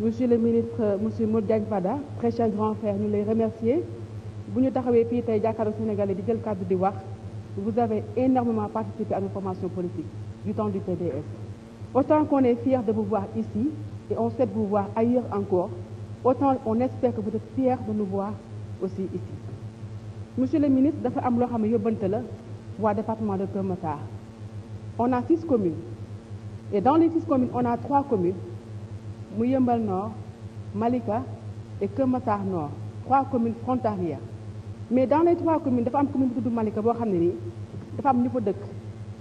monsieur le ministre monsieur Modou Diagne Fada très cher grand frère ñu lay remercier bu ñu taxawee fii jàkkaar jàkkaarloo Sénégalais di jël kàddu di wax vous avez énormément participé à nos formations politiques du temps du PDS autant qu'on est fier de vous voir ici et on souhaite vous voir ailleurs encore autant on espère que vous êtes fiers de nous voir aussi ici monsieur le ministre dafa am loo xam ne yóbbante la waa département de Kër Massar on a six communes et dans mu Yeumbeul Nord Malika et Keur Massar Nord trois communes frontalières mais dans les trois commune dafa am commune bu tudd Malika boo xam ne nii dafa am ñu fa dëkk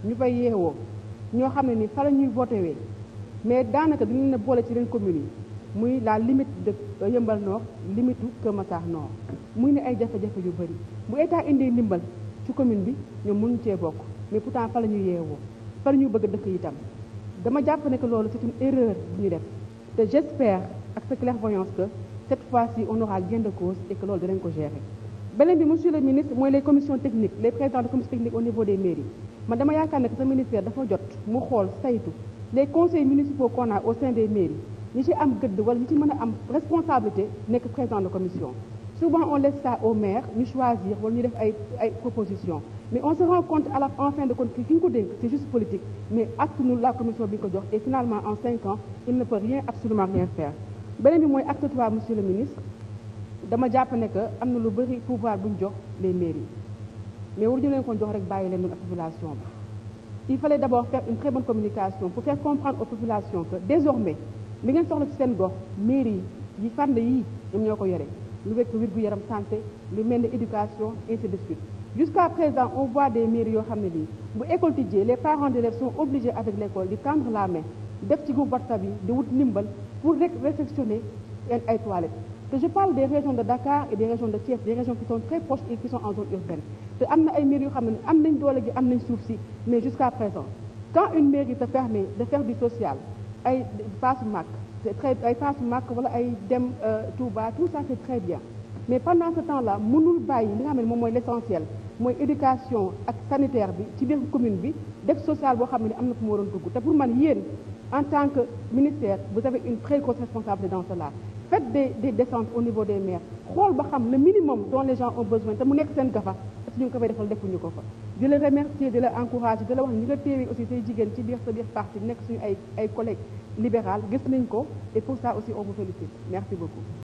ñu fay yeewoo ñoo xam ne nii fa la ñuy votewee mais daanaka dinañ la boole ci leen communes yi muy la limite de euh, Yeumbeul Nord limite u Keur Massar Nord muy ne ay jafe yu bëri bu état indee ndimbal ci commune bi ñoom mun cee bokk mais pourtant fa la ñuy yeewoo fa la ñuy bëgg dëkk itam dama jàpp ne que loolu c'est une erreur ñu def te j'espère ak sa clairvoyance que cette fois-ci on aura gain de cause et que loolu dinañ ko gérer beneen bi monsieur le ministre mooy les commissions techniques les présidents de commissions techniques au niveau des mairies man dama yaakaar ne que sa ministère dafa jot mu xool saytu les conseils municipaux qu'on a au sein des mairies ñi ci am gëdd wala ñi ci mën a am responsabilité nekk président de commission souvent on laisse au maire ñu choisir wala ñu def ay ay propositions mais on se rend compte à la en fin de compte que ki ñu ko dénk c'est juste politique mais acte nu la commission bi ñu ko jox et finalement en cinq ans il ne peut rien absolument rien faire beneen bi mooy acte trois monsieur le ministre dama jàpp ne que am na lu bëri pouvoir bu ñu jox les mairies mais waruñu leen ko jox rek bàyyi leen ak population bi il fallait d'abord faire une très bonne communication pour faire comprendre aux populations que désormais li ngeen soxla ci seen gox mairie yi fànn yii ñoom ñoo ko yore lu wekk wér gu yaram santé lu mel ni éducation ainsi de suite jusqu'à présent on voit des mairies yoo xam ne bii bu école tijjee les parents d'élèves sont obligés avec l'école di tendre la main def ci groupe WhatsApp yi di wut ndimbal pour rek réceptionner ay toilettes te je parle des régions de Dakar et des régions de Thiès des régions qui sont très proches et qui sont en zone urbaine te am na ay mairies yoo xam ne am nañ doole gi am nañ suuf si mais jusqu'à présent quand une mairie te permet de faire du social ay Fass ay Fass Màkk wala ay dem euh, Touba tout ça c'est mais pendant ce temps là mënul bàyyi li nga xam ne moom mooy l'essentiel mooy éducation ak sanitaire bi ci biir commune bi def social boo xam ne am na fu mu waroon dugg te pour man yéen en tant que ministère vous avez une très grosse responsabilité dans cela faites des des descentes au niveau des maires xool ba xam le minimum dont les gens ont besoin te mu nekk seen gafa parce que ñu ngi ko fay defal defuñu ko fa di la remercier di la encourager di la wax ñi nga téewee aussi say jigéen ci biir sa biir nekk suñu ay ay collègues libéral nañ ko et pour aussi on vous félicite